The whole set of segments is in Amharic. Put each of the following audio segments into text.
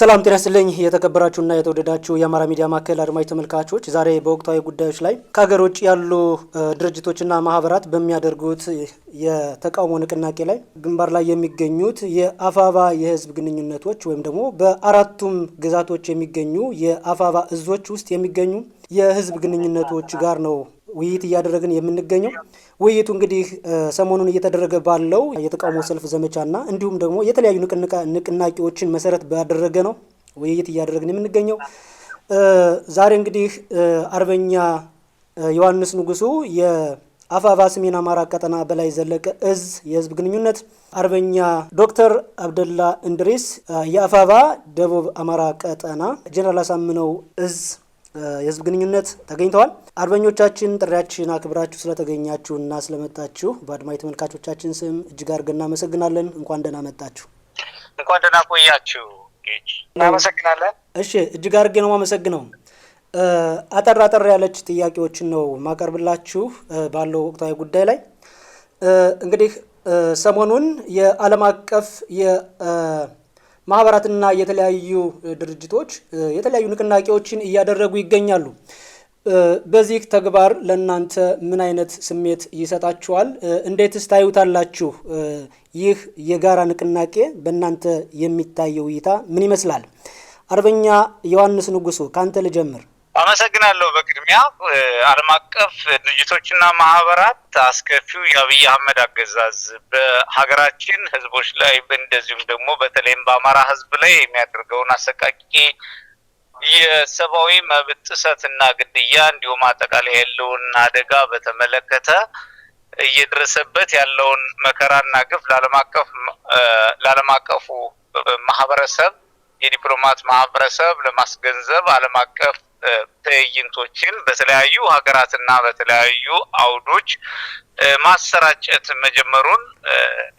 ሰላም ጤና ስለኝ የተከበራችሁና የተወደዳችሁ የአማራ ሚዲያ ማዕከል አድማጭ ተመልካቾች፣ ዛሬ በወቅታዊ ጉዳዮች ላይ ከሀገር ውጭ ያሉ ድርጅቶችና ማህበራት በሚያደርጉት የተቃውሞ ንቅናቄ ላይ ግንባር ላይ የሚገኙት የአፋባ የህዝብ ግንኙነቶች ወይም ደግሞ በአራቱም ግዛቶች የሚገኙ የአፋባ እዞች ውስጥ የሚገኙ የህዝብ ግንኙነቶች ጋር ነው ውይይት እያደረግን የምንገኘው። ውይይቱ እንግዲህ ሰሞኑን እየተደረገ ባለው የተቃውሞ ሰልፍ ዘመቻና እንዲሁም ደግሞ የተለያዩ ንቅናቄዎችን መሰረት ባደረገ ነው ውይይት እያደረግን የምንገኘው። ዛሬ እንግዲህ አርበኛ ዮሐንስ ንጉሱ የአፋባ ሰሜን አማራ ቀጠና በላይ ዘለቀ እዝ የህዝብ ግንኙነት፣ አርበኛ ዶክተር አብደላ እንድሪስ የአፋባ ደቡብ አማራ ቀጠና ጀኔራል አሳምነው እዝ የህዝብ ግንኙነት ተገኝተዋል። አርበኞቻችን ጥሪያችን አክብራችሁ ስለተገኛችሁ እና ስለመጣችሁ በአድማ ተመልካቾቻችን ስም እጅግ አድርገን እናመሰግናለን። እንኳን ደህና መጣችሁ። እንኳን ደህና ቆያችሁ። እናመሰግናለን። እሺ፣ እጅግ አድርጌ ነው የማመሰግነው። አጠር አጠር ያለች ጥያቄዎችን ነው ማቀርብላችሁ ባለው ወቅታዊ ጉዳይ ላይ እንግዲህ ሰሞኑን የዓለም አቀፍ ማህበራትና የተለያዩ ድርጅቶች የተለያዩ ንቅናቄዎችን እያደረጉ ይገኛሉ። በዚህ ተግባር ለእናንተ ምን አይነት ስሜት ይሰጣችኋል? እንዴትስ ታዩታላችሁ? ይህ የጋራ ንቅናቄ በእናንተ የሚታየው እይታ ምን ይመስላል? አርበኛ ዮሐንስ ንጉሱ ከአንተ ልጀምር። አመሰግናለሁ። በቅድሚያ ዓለም አቀፍ ድርጅቶችና ማህበራት አስከፊው የአብይ አህመድ አገዛዝ በሀገራችን ህዝቦች ላይ እንደዚሁም ደግሞ በተለይም በአማራ ህዝብ ላይ የሚያደርገውን አሰቃቂ የሰብአዊ መብት ጥሰትና ግድያ እንዲሁም አጠቃላይ ያለውን አደጋ በተመለከተ እየደረሰበት ያለውን መከራና ግፍ አቀፍ ለዓለም አቀፉ ማህበረሰብ የዲፕሎማት ማህበረሰብ ለማስገንዘብ ዓለም አቀፍ ትዕይንቶችን በተለያዩ ሀገራትና በተለያዩ አውዶች ማሰራጨት መጀመሩን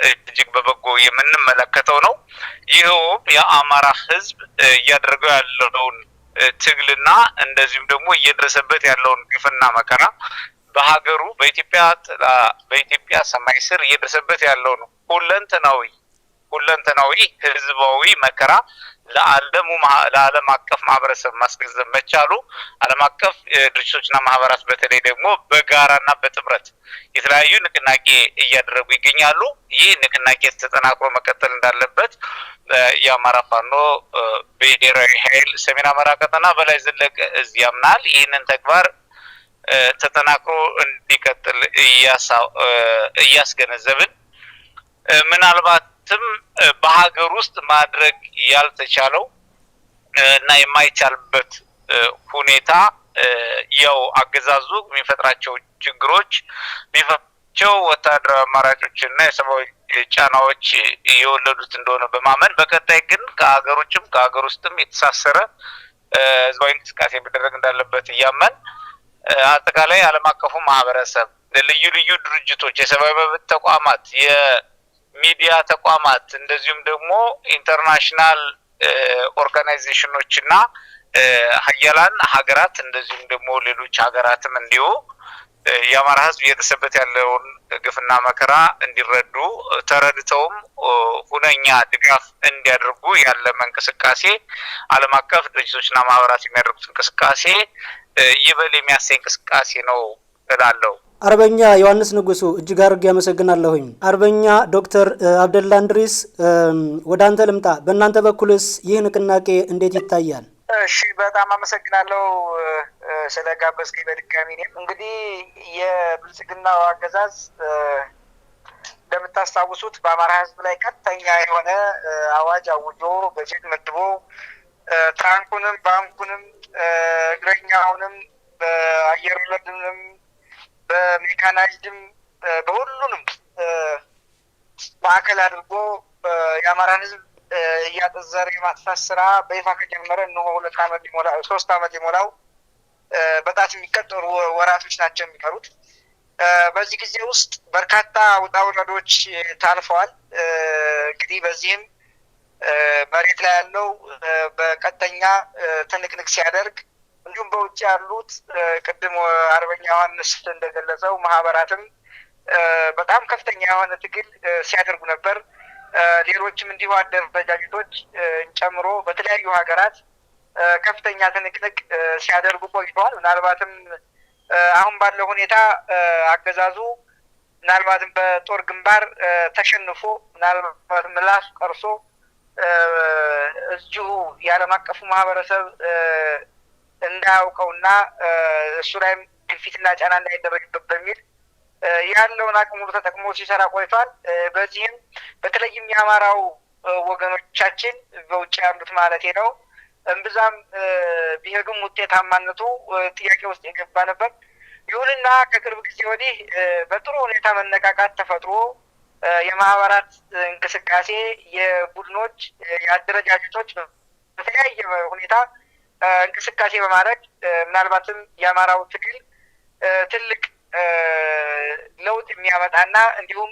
እጅግ በበጎ የምንመለከተው ነው። ይኸውም የአማራ ሕዝብ እያደረገው ያለውን ትግልና እንደዚሁም ደግሞ እየደረሰበት ያለውን ግፍና መከራ በሀገሩ በኢትዮጵያ ጥላ በኢትዮጵያ ሰማይ ስር እየደረሰበት ያለውን ሁለንተናዊ ሁለንተናዊ ህዝባዊ መከራ ለዓለሙ ለዓለም አቀፍ ማህበረሰብ ማስገንዘብ መቻሉ ዓለም አቀፍ ድርጅቶችና ማህበራት በተለይ ደግሞ በጋራና በጥምረት የተለያዩ ንቅናቄ እያደረጉ ይገኛሉ። ይህ ንቅናቄ ተጠናክሮ መቀጠል እንዳለበት የአማራ ፋኖ ብሔራዊ ኃይል ሰሜን አማራ ቀጠና በላይ ዘለቀ እዝ ያምናል። ይህንን ተግባር ተጠናክሮ እንዲቀጥል እያስገነዘብን ምናልባት ውይይትም በሀገር ውስጥ ማድረግ ያልተቻለው እና የማይቻልበት ሁኔታ ያው አገዛዙ የሚፈጥራቸው ችግሮች የሚፈጥራቸው ወታደራዊ አማራጮችና የሰብአዊ ጫናዎች የወለዱት እንደሆነ በማመን በቀጣይ ግን ከሀገር ውጭም ከሀገር ውስጥም የተሳሰረ ህዝባዊ እንቅስቃሴ መደረግ እንዳለበት እያመን አጠቃላይ ዓለም አቀፉ ማህበረሰብ ልዩ ልዩ ድርጅቶች፣ የሰብአዊ መብት ተቋማት ሚዲያ ተቋማት እንደዚሁም ደግሞ ኢንተርናሽናል ኦርጋናይዜሽኖች ሀያላን ሀገራት እንደዚሁም ደግሞ ሌሎች ሀገራትም እንዲሁ የአማራ ሕዝብ እየደረሰበት ያለውን ግፍና መከራ እንዲረዱ ተረድተውም ሁነኛ ድጋፍ እንዲያደርጉ ያለመ እንቅስቃሴ ዓለም አቀፍ ድርጅቶችና ማህበራት የሚያደርጉት እንቅስቃሴ ይበል የሚያሳይ እንቅስቃሴ ነው እላለሁ። አርበኛ ዮሐንስ ንጉሱ እጅግ አድርጌ ያመሰግናለሁኝ። አርበኛ ዶክተር አብደላ እንድሪስ ወደ አንተ ልምጣ። በእናንተ በኩልስ ይህ ንቅናቄ እንዴት ይታያል? እሺ፣ በጣም አመሰግናለሁ ስለ ጋበዝከኝ በድጋሚ። እኔም እንግዲህ የብልጽግናው አገዛዝ እንደምታስታውሱት በአማራ ሕዝብ ላይ ቀጥተኛ የሆነ አዋጅ አውጆ በጀት መድቦ ታንኩንም ባንኩንም እግረኛውንም በአየር ወለድንም በሜካናይዝድም በሁሉንም ማዕከል አድርጎ የአማራን ህዝብ እያጠዘረ የማጥፋት ስራ በይፋ ከጀመረ እነሆ ሁለት ዓመት ሊሞላው ሶስት አመት ሊሞላው በጣት የሚቀጠሩ ወራቶች ናቸው የሚቀሩት። በዚህ ጊዜ ውስጥ በርካታ ውጣ ውረዶች ታልፈዋል። እንግዲህ በዚህም መሬት ላይ ያለው በቀጥተኛ ትንቅንቅ ሲያደርግ እንዲሁም በውጭ ያሉት ቅድም አርበኛ ዋንስ እንደገለጸው ማህበራትም በጣም ከፍተኛ የሆነ ትግል ሲያደርጉ ነበር። ሌሎችም እንዲሁ አደረጃጀቶች ጨምሮ በተለያዩ ሀገራት ከፍተኛ ትንቅንቅ ሲያደርጉ ቆይተዋል። ምናልባትም አሁን ባለው ሁኔታ አገዛዙ ምናልባትም በጦር ግንባር ተሸንፎ ምናልባት ምላስ ቀርሶ እዚሁ የዓለም አቀፉ ማህበረሰብ እንዳያውቀውና እሱ ላይም ግፊትና ጫና እንዳይደረግበት በሚል ያለውን አቅሙ ተጠቅሞ ሲሰራ ቆይቷል። በዚህም በተለይም የአማራው ወገኖቻችን በውጭ ያሉት ማለቴ ነው እምብዛም ቢሄዱም ውጤታማነቱ ጥያቄ ውስጥ የገባ ነበር። ይሁንና ከቅርብ ጊዜ ወዲህ በጥሩ ሁኔታ መነቃቃት ተፈጥሮ የማህበራት እንቅስቃሴ የቡድኖች የአደረጃጀቶች በተለያየ ሁኔታ እንቅስቃሴ በማድረግ ምናልባትም የአማራው ትግል ትልቅ ለውጥ የሚያመጣና እንዲሁም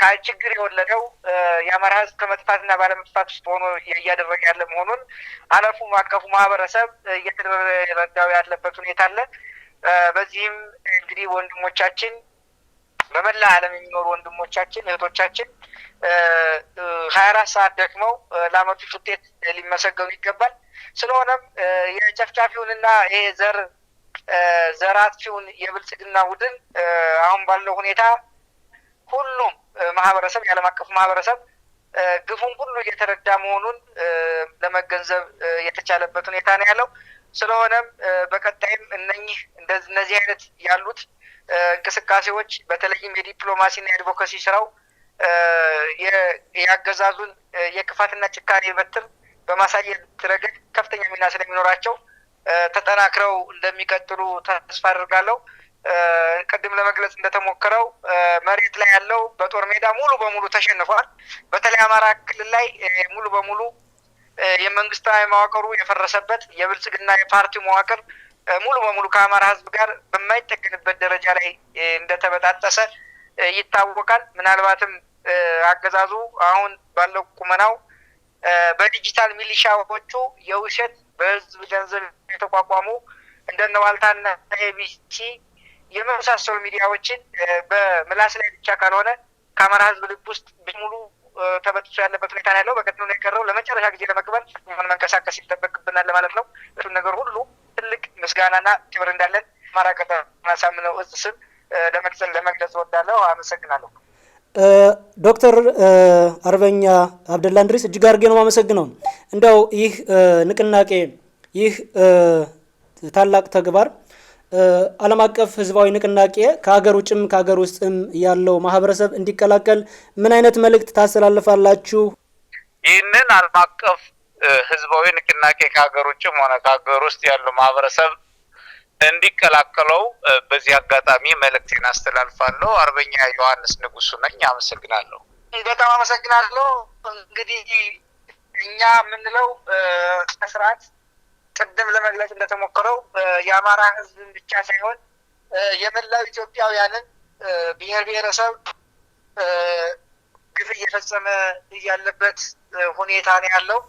ከችግር የወለደው የአማራ ህዝብ ከመጥፋትና ባለመጥፋት ውስጥ ሆኖ እያደረገ ያለ መሆኑን አለፉ አቀፉ ማህበረሰብ እየተረዳው ያለበት ሁኔታ አለ። በዚህም እንግዲህ ወንድሞቻችን በመላ ዓለም የሚኖሩ ወንድሞቻችን እህቶቻችን ሀያ አራት ሰዓት ደክመው ላመጡት ውጤት ሊመሰገኑ ይገባል። ስለሆነም የጨፍጫፊውንና ይሄ ዘር ዘር አጥፊውን የብልጽግና ቡድን አሁን ባለው ሁኔታ ሁሉም ማህበረሰብ የዓለም አቀፉ ማህበረሰብ ግፉን ሁሉ እየተረዳ መሆኑን ለመገንዘብ የተቻለበት ሁኔታ ነው ያለው። ስለሆነም በቀጣይም እነኚህ እንደዚህ እነዚህ አይነት ያሉት እንቅስቃሴዎች በተለይም የዲፕሎማሲና የአድቮካሲ ስራው የአገዛዙን የክፋትና ጭካኔ በትር በማሳየት ረገድ ከፍተኛ ሚና ስለሚኖራቸው ተጠናክረው እንደሚቀጥሉ ተስፋ አድርጋለሁ። ቅድም ለመግለጽ እንደተሞከረው መሬት ላይ ያለው በጦር ሜዳ ሙሉ በሙሉ ተሸንፏል። በተለይ አማራ ክልል ላይ ሙሉ በሙሉ የመንግስታዊ መዋቅሩ የፈረሰበት የብልጽግና የፓርቲ መዋቅር ሙሉ በሙሉ ከአማራ ሕዝብ ጋር በማይጠገንበት ደረጃ ላይ እንደተበጣጠሰ ይታወቃል። ምናልባትም አገዛዙ አሁን ባለው ቁመናው በዲጂታል ሚሊሻዎቹ የውሸት በህዝብ ገንዘብ የተቋቋሙ እንደነ ዋልታና ኤቢሲ የመሳሰሉ ሚዲያዎችን በምላስ ላይ ብቻ ካልሆነ ከአማራ ህዝብ ልብ ውስጥ ሙሉ ተበጥሶ ያለበት ሁኔታ ያለው። በቀጥሎ ነው የቀረው። ለመጨረሻ ጊዜ ለመቅበል ሆን መንቀሳቀስ ይጠበቅብናል ለማለት ነው። እሱን ነገር ሁሉ ትልቅ ምስጋናና ክብር እንዳለን አማራ ከተማ ሳምነው እጽ ስም ለመግለጽ ወዳለው አመሰግናለሁ። ዶክተር አርበኛ አብደላ እንድሪስ እጅግ አድርጌ ነው ማመሰግነው። እንደው ይህ ንቅናቄ ይህ ታላቅ ተግባር ዓለም አቀፍ ህዝባዊ ንቅናቄ ከሀገር ውጭም ከሀገር ውስጥም ያለው ማህበረሰብ እንዲቀላቀል ምን አይነት መልእክት ታስተላልፋላችሁ? ይህንን ዓለም አቀፍ ህዝባዊ ንቅናቄ ከሀገር ውጭም ሆነ ከሀገር ውስጥ ያለው ማህበረሰብ እንዲከላከለው በዚህ አጋጣሚ መልእክቴን አስተላልፋለሁ። አርበኛ ዮሐንስ ንጉሱ ነኝ። አመሰግናለሁ። በጣም አመሰግናለሁ። እንግዲህ እኛ የምንለው ስነስርዓት ቅድም ለመግለጽ እንደተሞከረው የአማራ ሕዝብን ብቻ ሳይሆን የመላው ኢትዮጵያውያንን ብሔር ብሔረሰብ ግፍ እየፈጸመ እያለበት ሁኔታ ነው ያለው።